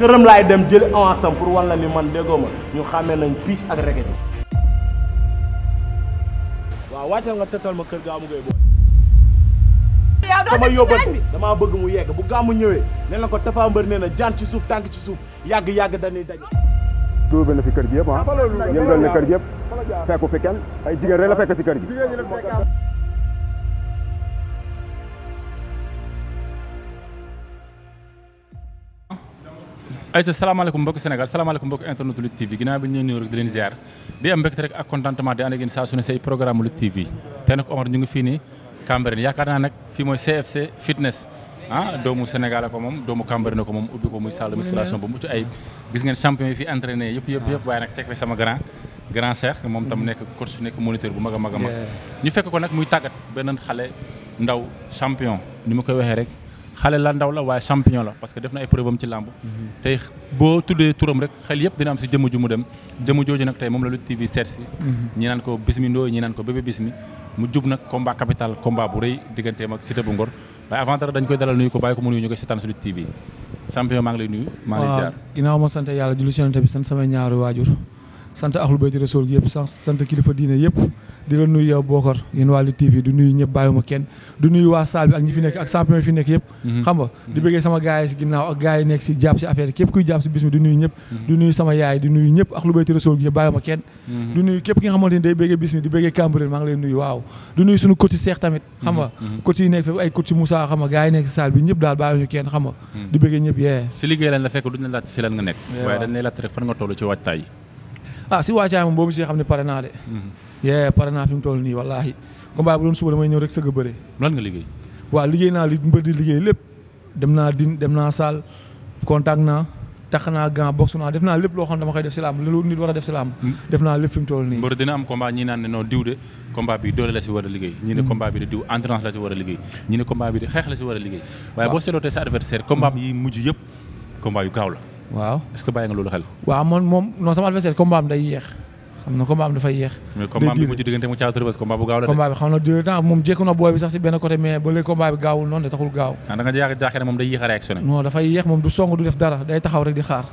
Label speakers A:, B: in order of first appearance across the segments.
A: këram laay dem jël avance pour wan la ni man déggoo ma ñu xàmmee nañ piis ak reket bi waaw wàccal nga tëtal ma kër gaamu ngay booy sama yóbbal damaa bëgg mu yegg bu gàmmu ñëwee nee na ko Tapha Mbeur nee na jaan ci suuf tànk ci suuf yàgg-yàgg dañuy daje duubal na fi kër gi yëpp ah, ah yëngal na kër gi yëpp fekku fi kenn ay jigéen rek la fekk si kër gi
B: ayca salaamaaleykum mbokki Sénégal salaamaaleykum mbokki internet Lutte TV ginnaaw bi ñu leen nuyu rek di leen ziar di am mbégte rek ak contentement di ànd ak saa su ne say programme Lutte TV te nag Omar ñu ngi fii nii Cambérène yaakaar naa nag fii mooy CFC fitness ah, doomu Sénégal ko moom doomu Cambérène ko moom ubbi ko muy salle de musculation bu mucc ayib gis ngeen champion yi fi entraîné yëpp yëpp yëpp waaye nag fekk fi sama grand grand cheikh moom tam nekk coach nekk moniteur bu mag a a mag ñu fekk ko nag muy tàggat beneen xale ndaw champion ni ma koy waxee rek xale la ndaw la waaye champion la parce que def na ay am ci làmb mhm. tey boo tuddee turam rek xel yëpp dina am si jëmm ju mu dem jëmm jooju nag tey moom la Lutte TV seet si mhm. ñi naan ko Bismi Ndoye ñi naan ko bébé Bismi mu jub nag combat capital combat bu rëy digganteem ak Siteu bu Ngor waaye avant dara dañ koy dalal nuyu ko bàyyi ko mu nuyu ñu koy seetaan si Lutte TV champion maa ngi
A: lay samay ñaari waajur sant axlu bayti rasul gi yëpp sant kilifa diine yëpp di la nuyu yow Bokar du nuyu kenn du nuyu waa salle bi fi nekk ak champion yi fi nekk yëpp mhm. xam nga di mhm. bëggee sama gars yi si képp kuy jàpp si bis mi mhm. yaay di nuyu ñëpp axlu kenn du nuyu képp ki nga xamante ni day bëggee bis mi di bëggee Cambérène maa ngi lay nuyu waaw du nuyu suñu coach Cheikh tamit xam nga coach yi nekk ay coach Moussa xam nga gars yi nekk si bi ñëpp daal bàyyiwuñu kenn xam di bëggee ñëpp yee
B: si liggéey lañ la fekk duñ la laaj si lan nga nekk waaye dañ lay laaj rek fan nga toll ci waajtaay
A: ah si waacaay moom boobu see xam ne pare naa de mm-hmm. yee pare naa fi mu toll nii wallaahi combat bu doon suba damay ñëw rek sëgg bëre lan nga liggéey waaw liggéey naa li mbër di liggéey lépp dem naa din dem naa saal contact naa tax naa gant box naa def naa lépp loo xam ne dama koy def si làmb lu war a def si mm. def naa lépp fi mu nii mbër
B: dina am combat ñi naan ne diw de combat bi doole la si war a liggéey ñi ne mm. combat bi de a liggéey xeex la si war a liggéey waaye boo seetloo sa waaw est-ce que bàyyi nga loolu xel.
A: waaw man moom non sama adversaire combat am day yéex. xam na combat dafay yéex. mais combat bi moom jékku na booy bi sax si benn côté mais ba léegi combat bi gaawul noonu taxul gaaw. ah a dafay yéex moom du song du def dara day taxaw rek di xaar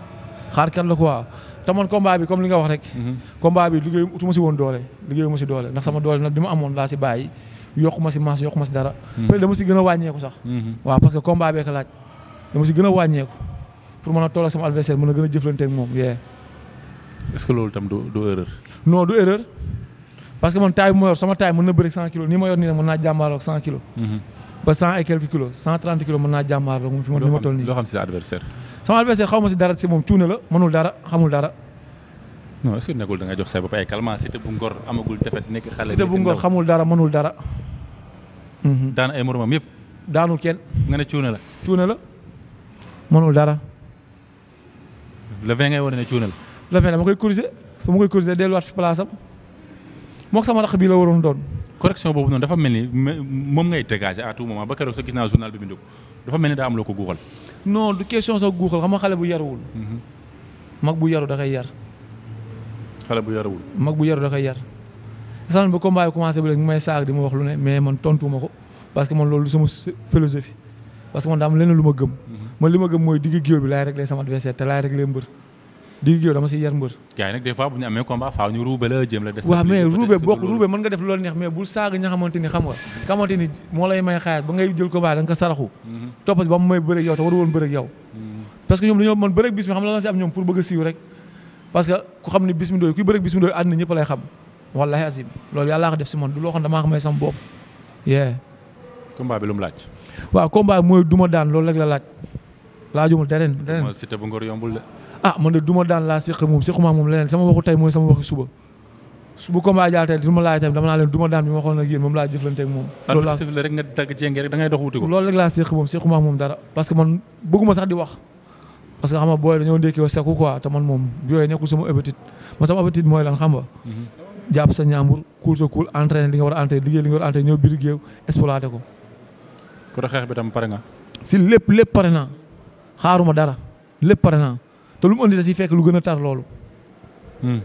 A: xaar kat la quoi te man combat bi comme li nga wax rek. Mhm. combat bi liggéey utuma si woon doole liggéeyu si doole ndax sama doole nag bi ma amoon laa si bàyyi yokku si masse yokku si dara. Mhm. peut a wàññeeku sax. Mhm. waaw pour mën a toll sama adversaire mën a gën a jëflante ak moom yee.
B: est ce que loolu tam du du erreur.
A: non du erreur parce que man taay bi ma yor sama taay mën na bëri 100 kilos nii ma yor nii nag mën naa jàmbaarloog 100 kilos. Mhm. ba 100 et quelques kilos 130 kilos mën naa jàmbaarloog ma ni ma toll nii. loo xam si sa adversaire. dara xamul dara.
B: non est ce que nekkul da nga jox say bopp ay calmants Siteu bu Ngor amagul defet nekk xale. Siteu Ngor xamul
A: dara mënul dara. Mhm.
B: daan ay moromam yëpp. daanul
A: kenn. nga ne cuune la. cuune
B: le 20 ngay wane ne cuune
A: la. dama koy corriger fu ma koy corriger delluwaat fi place am
B: moog sama rax bii la waroon doon. correction boobu noonu dafa mel ni moom ngay dégager à tout moment ba keroog sa gis naa journal bi bind ko dafa mel ni daa am loo ko guuxal.
A: non du question sa guuxal xam nga xale bu yaruwul. Mhm. mag bu yaru dafay koy yar. xale bu yaruwul. mag bu yaru da yar. sànq ba combat yi commencé ba léegi mu may saag di ma wax lu ne mais man tontuwuma ko parce que man loolu du sama parce que man daa lu ma gëm. man li ma gëm mooy digg géew bi laay réglé sama adversaire te laay réglé mbër digg géew dama si yar mbër. gars ko saraxu. Mhm. topp ba mu may mhm. a siiw rek mi dooy kuy bëreeg bis mi dooy àddina ñëpp lay xam wallahi azim loolu yàllaa ko def si man du loo xam damaa xamee sama bopp. combat bi lu laaj. waaw combat mooy duma daan loolu rek la laaj laajumul deneen deneen Siteu bu Ngor yombul de. ah man de duma daan laa séq moom séquma moom leneen sama waxu tey mooy sama waxu suba suba combat jaal tey su ma moom laa jëflante ak moom loolu moom dara parce que man bëgguma sax di wax parce que xam booy dañoo ndékkee seku quoi te man moom yooyu nekkul sama appétit sama appétit mooy lan xam nga mhm. sa ñaambur kuul sa kuul entraîné li a liggéey war a entraîné ñëw biir géew exploité ko ko xeex xaaruma dara lépp pare naa te lu mu andi si fekk lu gën a tar loolu.
B: Hmm.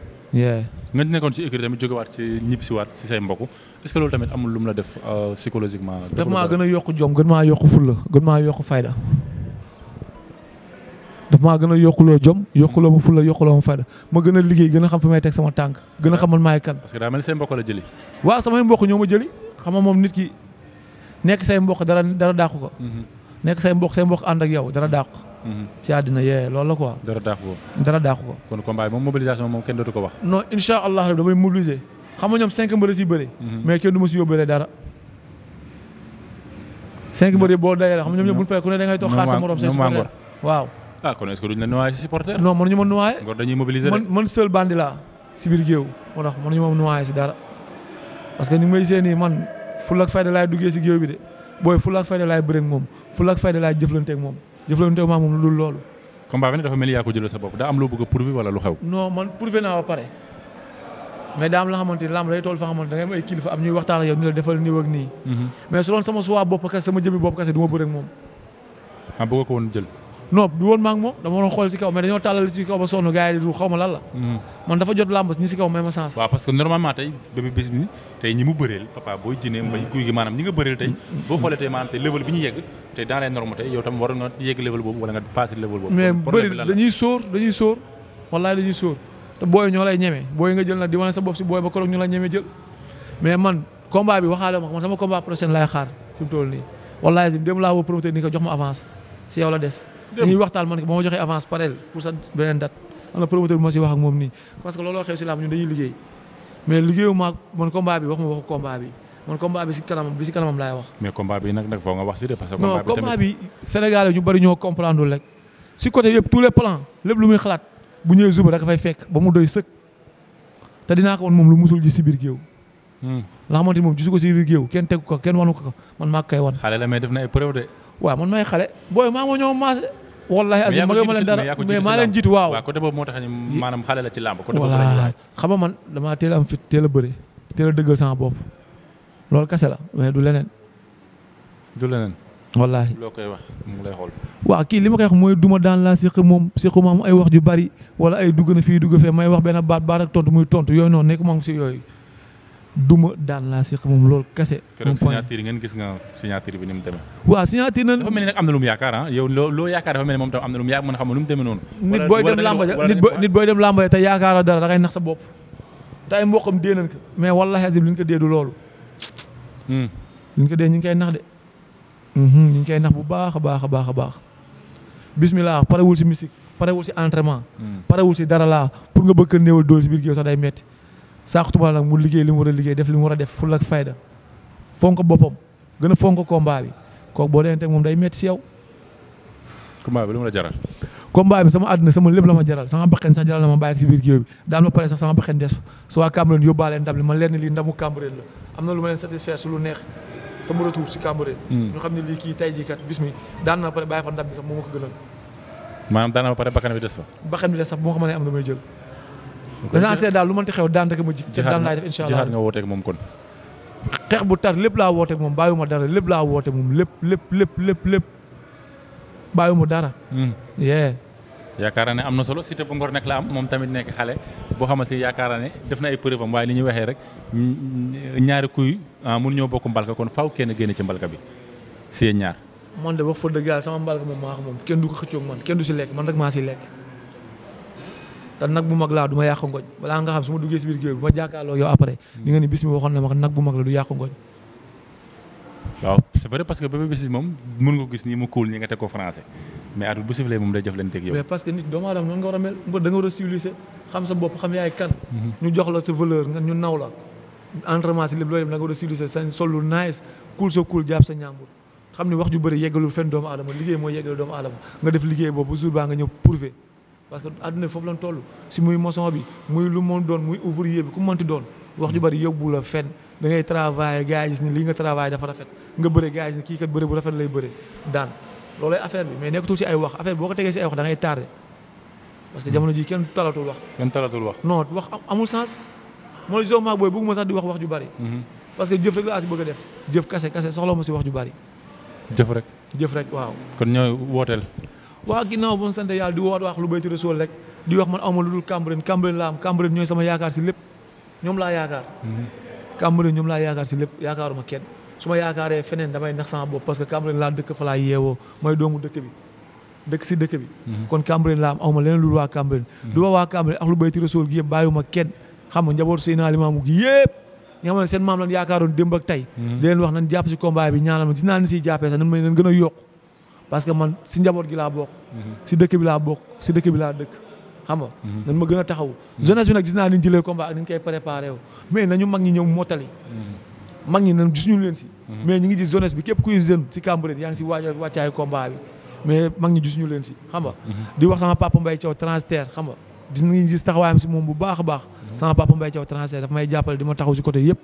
B: nga nekkoon ci écurie tamit jógewaat ci ñibbisiwaat si say mbokk est-ce que loolu tamit amul lu mu la def euh, psychologiquement. daf maa gën
A: a yokk jom gën maa yokk fulla gën maa yokk fayda. daf maa gën a yokkuloo jom yokkuloo ma fulla yokkuloo ma fayda ma gën a liggéey gën a xam fi may teg sama tànk gën a xamal maay kan. parce que daa mel ni say mbokk la jëli. waaw samay mbokk ñoo ma jëli xam nga moom nit ki nekk say mbokk dara dara dàqu ko. Mm-hmm. nekk say mbokk say mbokk ànd ak yow dara dàq. Mhm. ci àddina yee loolu la quoi. dara dàq ko dara dàq ko. kon combat moom mobilisation moom kenn dootu ko wax. non incha allah rabi damay mobiliser xam nga ñoom cinq mbër si bëri. Mhm. mais kenn du ma si yóbbaale dara. cinq mbër boo dajale xam nga ñoom ñoom bu ñu paree ku ne dangay toog xaar sa morom say supporter waaw.
B: ah kon est-ce que duñ la si supporter. non
A: mënuñu ma ñu
B: ngor dañuy mobiliser man
A: man si biir géew parce que ni may see nii man ful ak fayda si géew bi de booy fulla ak fayda laay bëreeg moom fulla ak fayda laay jëflanteeg moom jëflanteeg maa moom lu dul loolu.
B: combat bi nag dafa mel ni yaa ko jëlal sa bopp daa am loo bëgg a prouver wala lu xew.
A: non man prouver naa ba pare mais daa am la xamante ni lamb day toll fa xamante da am ay kilifa am ñuy waxtaan ak yow ni la defal nii ak nii. Mhm. mais su doon sama suwaa bopp kese sama jëmmi bopp kese du ma bëreeg moom.
B: ah bëgg ko woon jël.
A: non du woon maa ngi moom dama doon xool si kaw mais dañoo tàllal si kaw ba sonn gars yi du xaw ma lan la. Hmm. man dafa jot làmb ñi si kaw may ma sens. waaw
B: parce que normalement tey Bébé Bismi tey ñi mu bëreel papa booy jënee mbay guy nga bëreel tey. Hmm. boo xoolee tey maanaam tey level bi ñu yegg tey dans les yow tam waroon nga yegg level boobu wala nga passé level boobu. mais bëri dañuy
A: sóor dañuy sóor wallaay dañuy sóor te booy ñoo lay ñeme booy ñuy waxtaan man ba ma joxee avance si wax ak moom nii parce que looloo xew si man combat ko woon moom lu musul ji si biir hmm. moom maa koy wan. xale la mais def na ay de. waaw man may xale booy maa ma ñëw maase. wallahi azim ma ma leen dara mais maa leen jiitu waaw. waaw
B: côté boobu moo tax ñu maanaam xale la ci xam
A: nga man damaa teel am fit teel a bëre teel a dëggal sama bopp loolu kese la mais du leneen.
B: du leneen. wallahi
A: loo koy wax mu ngi lay xool. waaw kii li ma koy wax mooy duma daan laa séq moom séq maam ay wax ju bari wala ay dugg na fii dugg fee may wax benn baat baat ak tontu muy tontu yooyu noonu nekk moom si yooyu. duma daan laa si moom loolu kese. moom signature
B: ngeen gis nga signature bi ni mu demee. waaw signature nañ. dafa mel ni am na lu yaakaar ah yow loo loo yaakaar dafa mel ni moom tam am na xam nga lu mu demee noonu. nit booy dem
A: nit booy dem làmba ja te yaakaara dara da ngay nax sa bopp. te ay mboqam dee nañ ko mais wallaahi azim li ñu ko dee du loolu. Hmm. li ko dee ñu ngi koy nax de. Hmm, ñu ngi koy nax bu baax a baax a baax a baax. bismillah parewul si mystique parewul si entraînement. Hmm. parewul si dara laa pour nga bëgg a néewal doole si biir géew day metti saaxatuma nag mu liggéey li mu war a liggéey def li mu war a def ful ak fayda fonk boppam gën a fonk combat bi kooku boo dee moom day métti si yow. combat bi lu mu la jaral. combat bi sama àddina sama lépp la ma jaral sama baqen sax jaral na ma bàyyi si biir géew bi daan ma pare sax sama baqen des su waa Cambérène yóbbaale ndam lii ndamu Cambérène la lu ma leen satisfaire lu neex sama retour si Cambérène. Hmm. ñu xam ne lii kii tay jii bis mi daan na pare bàyyi fa ndam bi sax moo ma ko gënal.
B: maanaam daan na ma pare bakkan bi des fa.
A: bakkan bi des sax bu ma ko mënee am damay jël. l'essentiel daal lu mënti xew daan rek ma ji daan laay def incha allah jihaad nga wooteeg moom kon xeex bu tar lépp laa wooteeg moom bàyyiwuma dara lépp laa woote moom lépp lépp lépp lépp lépp bàyyiwuma dara hmm. yee
B: yaakaar ne am na solo Siteu bu Ngor nekk la am moom tamit nekk xale boo xamante ni yaakaar ne def na ay preuve am waaye li ñuy waxee rek ñaari kuy ah, mun ñoo bokk mbalka kon faaw kenn génne ci mbalka bi si ñaar
A: man de wax fa dëgg yàlla sama mbalka moom maa xam moom kenn du ko xëccoog man kenn du si lekk man rek maa si lekk te nag bu mag laa du ma yàq ngooñ balaa nga xam su ma duggee si biir géew bu ma jàkkaarloo yow après di nga ni bis mi waxoon na ma nag bu mag la du yàq ngooñ waaw c'est vrai parce que Bébé Bismi moom
B: mën nga ko gis nii mu kóol ñi nga teg ko français mais at bu siflee moom day jëflanteeg yow mais
A: parce que nit doomu aadama noonu nga war a mel nga war a civilisé xam sa bopp mhm. nga ñu naw la entraînement si lépp loolu da nga war a civilisé sa sollu nice kuul sa kuul jàpp sa ñàmbur xam ne wax ju bëri yeggalul fenn doomu nga def liggéey boobu bu baa nga ñëw parce que àdduna foofu lañ toll si muy moson bi muy lu mu doon muy ouvrier bi ku mënti doon wax ju bari yóbbu la fenn da ngay travailler gars yi gis ni lii nga travail dafa rafet nga bëre gars yi gis ni kii kat bëre bu rafet lay bëre daan loolay affaire bi mais nekkatul si ay wax affaire bi boo ko tegee si ay wax da ngay tardé parce que hmm. jamono ji kenn talatul wax.
B: kenn talatul wax.
A: non wax amul sens mooy zone maag booy bëgguma sax di wax wax ju bari. Hmm. parce que jëf rek laa def. jëf kase kase soxla ma si wax ju bari. jëf rek. jëf rek waaw.
B: kon ñooy
A: waa ginnaaw bu sant yàlla di woote wax lu bayti rasul rek di wax man awma lu dul lépp ñoom laa mm-hmm. kenn su ma yaakaaree feneen damay nax sama bopp parce que Cambérène laa am awma leneen lu dul waa Cambérène mm-hmm. du wax waa Cambérène ak lu bayti rasul gi yëpp bàyyiwuma kenn xam nga njabootu Seydina Limaamu gi yëpp nga xam ne seen maam lan yaakaaroon démb ak tey mm-hmm. di leen wax nañ jàpp si combat bi ñaanal ma gis naa ni sax nan may nan gën a yokk parce que man si njaboot gi laa bokk. si dëkk bi laa bokk si dëkk bi laa dëkk xam nga. Mhm. nañ ma gën a taxaw jeunesse bi nag gis naa ni ñu jëlee combat ak ni ñu koy préparé wu mais nañu mag ñi ñëw mottali. Mhm. mag ñi nañ gisuñu leen si. Mhm. mais ñi ngi gis jeunesse bi képp kuy jeune si Cambérène yaa ngi si waajal wàccaayu combat bi mais mag gisuñu leen si xam nga. di wax sama papa Mbaye Thiaw transitaire xam nga gis nañu gis taxawaayam si moom bu baax a baax. sama papa Mbaye Thiaw transitaire daf may jàppale di ma taxaw si côté yëpp.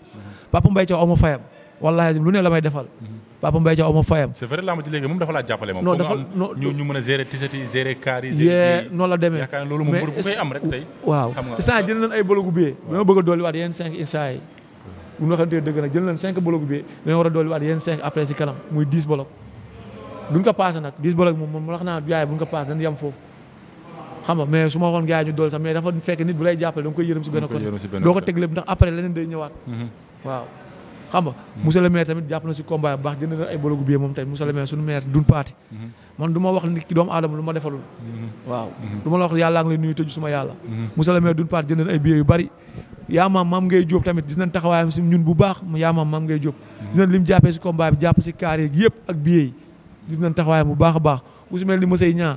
A: papa Mbaye Thiaw aw ma fayam wallaahi lu ne la may defal Papa Mbaye Dia aw ma fayam. c'est
B: vrai lamb ji léegi moom dafa laa jàppale moom. non dafa ñu ñu mën a gérer tisati gérer kaar yi. yee noonu la demee yaakaar loolu moom bu koy am rek tey. waaw instant
A: jël nañ ay bologu biyee. dama bëgg a dolliwaat yeneen cinq instant yi. bu ñu waxantee dëgg nag jël nañ cinq bologu biyee dina war a dolliwaat yeneen cinq après si kanam muy dix bolog. duñ ko passé nag dix bolog moom moom wax naa yaay buñ ko passé dañ yem foofu. xam nga mais su ma waxoon gars yi ñu dolli sax mais dafa fekk nit bu lay jàppale da nga koy yërëm si benn côté doo ko teg lépp ndax après leneen day ñëwaat mhm. waaw xam nga monsieur le maire tamit jàpp na si combat bu baax jënd na ay bologu bi moom tamit monsieur le dun paati man du ma wax nit ki doomu aadama lu ma defalul hmm. waaw hmm. du ma la wax yàllaa ngi lay tëju suma yàlla hmm. monsieur le dun paati jënd na ay billets yu bari yaa maam ngay jóob tamit gis nañ taxawaayam si ñun bu baax yaa maam maam ngay jóob gis nañ li mu jàppee si combat bi jàpp si kaar yeeg yëpp ak billets yi gis nañ taxawaayam bu baax a baax ku si mel ni monsieur ñaa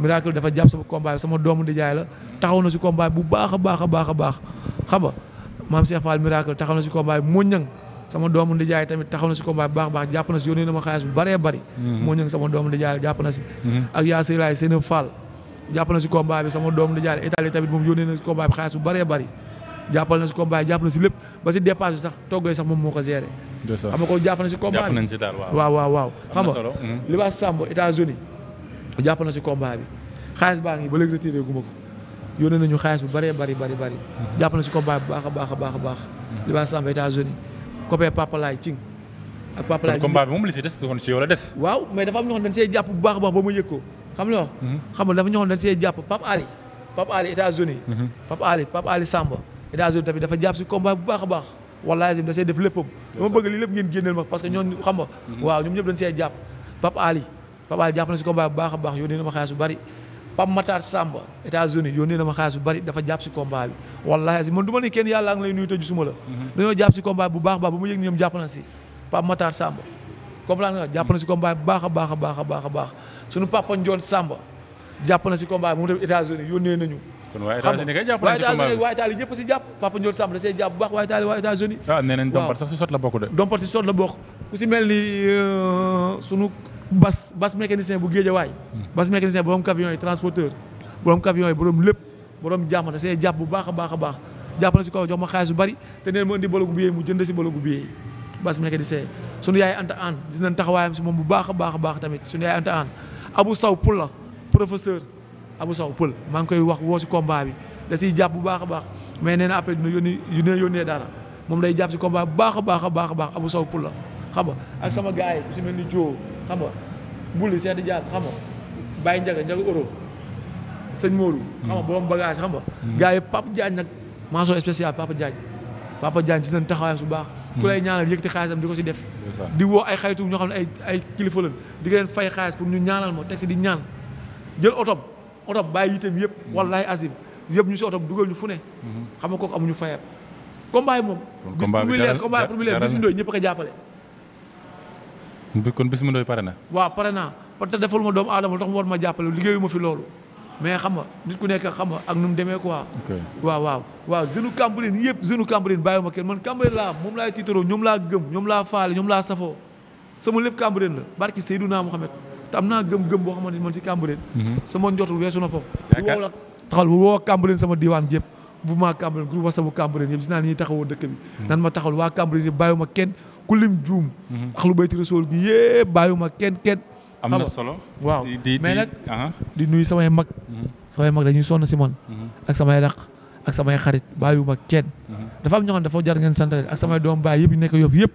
A: miracle dafa jàpp sama combat sama doomu nijaay la taxaw na si combat bu baax a baax a baax a baax xam nga maam Cheikh Fall miracle taxaw na si combat bi moo ñëng sama doomu nijaay tamit taxaw na si combat baax a baax jàpp na si yónnee na ma xaalis bu bëree bëri moo mm-hmm. ñëng sama doomu nijaay la jàpp na si mm-hmm. ak yaa sëy laay seen jàpp na si combat bi sama doomu nijaay la Italie tamit moom yónnee na si combat bi xaalis bu bëree bëri jàppal na si combat jàpp na si lépp ba si dépasse bi sax toggee sax moom moo ko géré xam nga ko jàpp na si combat bi waaw waaw waaw xam nga mm-hmm. jàpp na si combat bi xaalis baa ngi ba léegi retiré gu ma ko yónnee nañu xaalis bu baree bari bari bëri jàpp na si combat bi baax baax a baax a baax li baa samb États-Unis copé si des doon si des waaw mais dafa bu baax a ko xam la mhm. xam nga dafa ñoo xam dañ see jàpp Pape Ali Pape Ali États-Unis mhm. Pape Ali Samba États-Unis tamit dafa jàpp si combat bu baax a baax wallaay Azim da see def léppam dama bëgg lii lépp ngeen génneel ma parce xam mhm. waaw ñoom ñëpp dañ see jàpp Pape Fapal jàpp na si combat bu baax a baax yónnee na ma xaalis bu bari Pape Matar Samba États-Unis yónnee na ma xaalis bu bari dafa jàpp si combat bi wallaahi si man du ma ni kenn yàlla ngi lay nuyu te gisuma la. Mhm. dañoo jàpp si combat bu baax a baax ba mu yëg ñoom jàpp na si Pape Matar Samba. comprendre nga jàpp na si combat bu baax a baax a baax a baax suñu papa Ndiol Samba jàpp na si combat bi mu dem États-Unis yónnee nañu. kon waa États-Unis kay jàpp na si combat bi waa États-Unis ñëpp si jàpp Papa Ndiol Samb da see jàpp bu baax waa États-Unis waa ah, États-Unis. waaw nee nañ Dompat
B: sax si sot la bokk de.
A: Dompat si sot la bokk ku si mel ni euh, sunu bas bas mécanicien bu géejawaay bas mécanicien borom camion yi transporteur borom camion yi borom lépp borom jàmm da see jàpp bu baax a baax a baax jàpp na si ma xaalis bu bari te neen ma indi bologu billet mu jënd si bologu billet bas mécanicien sunu yaay anta an gis nañ taxawaayam si moom bu baax a baax baax tamit sunu yaay anta an abu saw pël la professeur abu saw pël maa ngi koy wax woo si combat bi da siy jàpp bu baax a baax mais nee na après dina yónni dina nee dara moom day jàpp si combat bu baax a baax a baax a baax abu saw pël la xam nga ak sama gars yi su mel ni joo xam nga buli seeti jaar xam nga bàyyi njaga njaga euro sëñ moo xam nga borom bagage xam nga. Hmm. gars yi Papa Diagne nag mention spéciale Papa Diagne Papa Diagne si nañ taxawaayam su baax. Hmm. ku lay ñaanal yëkkati xaalisam di ko si def. di woo ay xaritu ñoo xam ne ay ay kilifa lañ di leen fay xaalis pour ñu ñaanal ma teg si di ñaan jël otom otom bàyyi itam yëpp hmm. wallahi azim yëpp ñu si otom dugal ñu fu ne. xam nga kooku amuñu fayam. combat yi moom. bis bu ñu leer bis bu ñu doy ñëpp a ko
B: kon Bismi Ndoye pare na.
A: waaw pare naa parce que deful ma doomu aadama tax mu war ma jàppale liggéeyu ma fi loolu mais xam nga nit ku nekk xam nga ak nu mu demee quoi. waaw waaw waaw jeune Cambérène yëpp jeune Cambérène bàyyi ma kenn man Cambérène laa moom laay tiitaroo ñoom laa gëm ñoom laa faale ñoom laa safoo sama lépp Cambérène la barki Seydouna Mohamed te am naa gëm-gëm boo xamante ni man si Cambérène. Mhm. sama njortu weesu na foofu. woo la taxal woo Cambérène sama diwaan yëpp mouvement Cambérène groupe WhatsApp bu Cambérène yëpp gis naa ni ñuy taxawoo dëkk bi. Mhm. nan ma taxawal waa Cambérène yëpp ma kenn ku lim juum. Mhm. axlu bayti rasul gi yépp bàyyiwuma kenn kenn. am na solo waaw mais nag di nuyu samay mag. Mhm. samay mag dañuy sonn si man. Mhm. ak samay raq ak samay xarit bàyyiwuma kenn. dafa am ñoo xam ne jar ngeen sant ak doom baay yëpp nekk Yoff yëpp.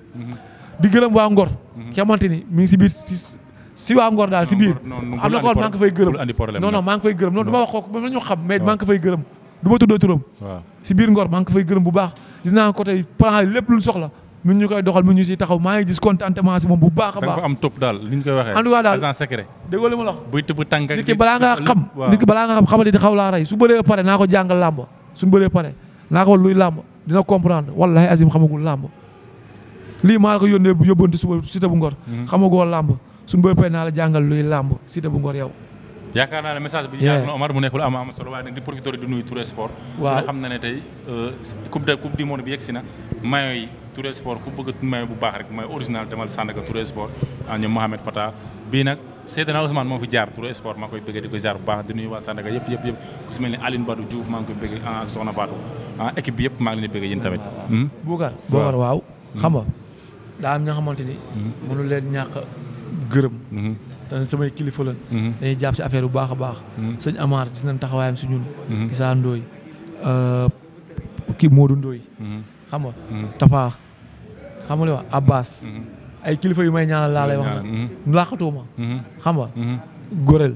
A: di gërëm waa Ngor. xamante ni mi ngi si biir si si waa Ngor daal si biir. na ko maa ngi fay gërëm non non maa ngi fay gërëm non du ma wax kooku ba ñu ma Ngor maa ngi fay gërëm bu baax gis naa côté plan lépp lu soxla mu ñu koy doxal mi ngi ñu siy taxaw maa ngi gis contentement si moom bu baax a baax. dafa
B: am top daal li ñu koy waxee. en tout cas daal agent secret. li ma la wax. buy tëb tànk nit ki balaa nga xam nit ki
A: balaa nga xam xamal di xaw laa rey su bëree pare naa ko jàngal làmb su bëree pare naa ko luy làmb dina comprendre wallahi azim xamagul làmb lii maa la ko yónnee yóbbante suba bu Ngor. Mhm. xamagoo làmb suñu bëree pare naa la jàngal luy làmb Siteu bu Ngor yow. yaakaar naa ne
B: message bi jaar na Omar mu nekk lu am am solo waaye nag di producteur di nuyu Touré euh, bi yegsi na maillot yi Touré Sport ku bëgg may bu baax rek may original demal Sandaga Touré Sport ñoom Mohamed Fata bii nag Seydina Ousmane moo fi jaar Touré Sport maa koy bëggee di ko jaar bu baax di nuyu waa Sandaga yëpp yëpp ni Aline Badou Diouf maa ngi koy ah, ah, leen tamit. Hmm? Bougar
A: waaw hmm. xam daa am ñoo xamante ni. Hmm. mënu leen ñàkk gërëm. te samay kilifa lañ. dañuy jàpp si affaire bu baax a baax. sëñ Amar gis nañ taxawaayam si ñun. Issa Ndoye euh, kii Modou Ndoye. xam nga. Tafa. xam nga li wax Abbas. Mhm. ay kilifa yu may ñaanal laa lay wax mhm. nag. laaxatuwuma. Mhm. xam nga. Gorel.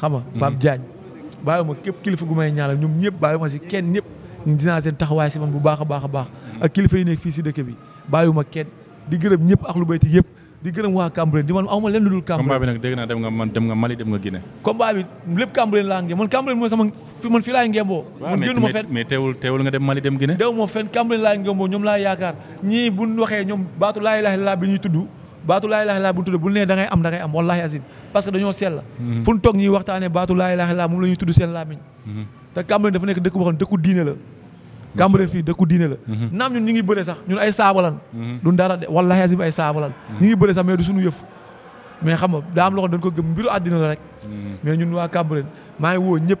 A: xam nga Pape Diagne. képp kilifa gu may ñaanal ñoom ñëpp ma si kenn ñëpp ñu dinaa seen taxawaay si man bu baax a baax a baax. ak kilifa yu nekk fii si dëkk bi ma kenn di gërëm ñëpp ak lu bayti yëpp. di gërëm waa Cambérène di man aw ma leen lu dul Cambérène combat
B: bi nag dégg naa dem nga man dem nga Mali dem nga bi
A: lépp Cambérène laa ngi man Cambérène mooy sama man fii laay ngemboo man génn ma fenn
B: mais teewul teewul nga
A: ñoom laa yaakaar ñii buñ waxee ñoom baatu laa ilaaha bi ñuy tudd baatu laa ilaaha bu ñu tudd bu nee da am da ngay am wallaahi azim parce que dañoo sell mhm. fu ñu toog ñuy waxtaanee baatu laa ilaaha illallaah moom la ñuy tudd seen làmmiñ mhm. Cambérène fii dëkku diine la mhm. naam ñun ñu ngi bëre sax ñun ay saabalan mhm. du dara de wallahi azim ay saabalan mhm. ñu ngi bëre sax mais du suñu yëf mais xam nga daa am loo xam dañ ko gëm mbiru àddina la rek mais ñun waa Cambérène maa ngi woo ñëpp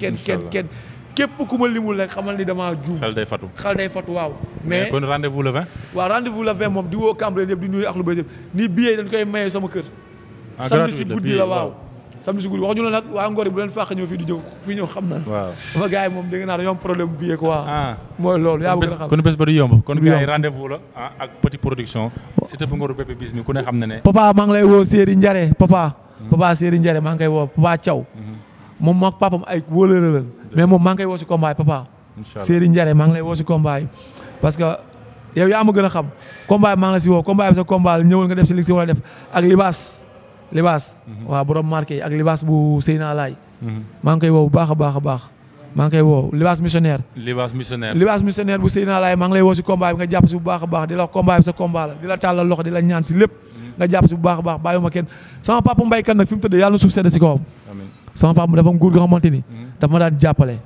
A: kenn kenn kenn képp ku limul rek xamal ni damaa juum. xel day fatu xel day fatu waaw. mais kon rendez vous le moom di woo Cambérène yëpp di nuyu ak lu bëri yëpp nii billet dañ koy maye sama kër. ah samedi na. waaw sama gars yi moom dégg naa dañoo am problème bu billet ah. a
B: yomb kon gars yi rendez la ah, ak petit production. Siteu bu Ngor Bébé Bismi ku ne xam na ne. papa
A: maa lay woo Serigne Ndiare papa. papa Serigne Ndiare maa ngi koy papa Thiaw moom maag papam ay wóolóore la mais moom maa ngi koy woo si combat yi papa. incha allah Serigne woo si combat yi. parce que a xam combat maa ngi la si woo combat nga def si li si war a def ak libaas libaas. Mhm. waaw borom marqué ak libaas bu mhm. a baax a baax. maa ngi koy woo libaas missionnaire.
B: libaas missionnaire libaas
A: missionnaire bu Seyna Laay maa ngi lay woo si nga jàpp si bu baax a baax di la wax sa combat la di la loxo di ñaan si lépp. Mhm. nga jàpp si bu baax a baax bàyyiwuma kenn sama papa Mbaye Kane nag fi mu tëddee yàlla na suuf sedd si kawam. sama papa dafa am góor goo xamante ni. Mm-hmm. dafa ma daan jàppale.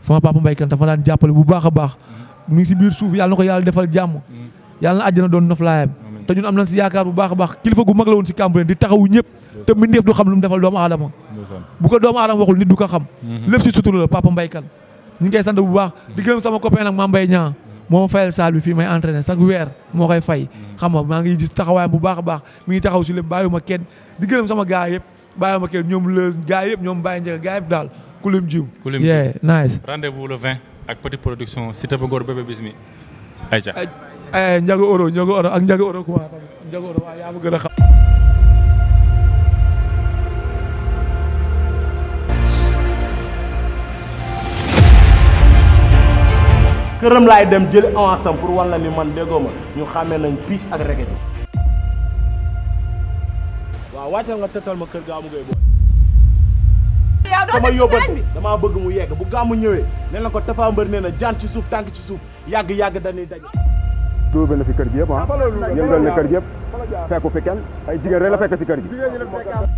A: sama papa mbaykan dafa ma daan jàppale bu baax a baax. Mm-hmm. mi ngi si biir suuf yàlla na ko yàlla defal jàmm. Mm-hmm. yàlla na àjjana doon noflaayam. te ñun am nañ si yaakaar bu baax a baax kilifa gu mag la woon si Cambérène di taxawu ñëpp. te mbindeef du xam lu mu defal doomu aadama. bu ko doomu aadama waxul nit du xam. lépp si sutura la papa mbaykan ñu ngi koy sant bu baax di gërëm sama copain nag maa mbay ñaa moo ma fayal saal bi fii may entraîné moo koy fay xam maa ngi gis taxawaayam bu baax a baax mi ngi taxaw si lépp bàyyiwuma kenn di gërëm sama gaa yëpp bàyyi ma kenn ñoom Leuz gars yëpp ñoom Baye Ndiaye gars yëpp daal ku lim jiw. ku lim jiw yeah nice.
B: rendez-vous le ak Petit Production Cité Oro
A: Ndiago Oro ak Ndiago Oro kuma tamit Ndiago Oro waaw yaa ma gën a këram laay dem jëli avance am pour wan ni man déggoo ma ñu xàmmee nañ piis ak rege bi waaw wàccal nga tëtal ma kër gaamu ngay boole.
B: yow doo sama yóbbal
A: damaa bëgg mu yegg bu gaamu ñëwee nee na ko Tapha Mbeur nee na jaan ci suuf tànk ci suuf yàgg yàgg dañuy daje. duubal na fi kër gi yëpp ah. Ah, yëngal na kër gi yëpp fekku fi kenn ay jigéen rek la fekk si kër gi.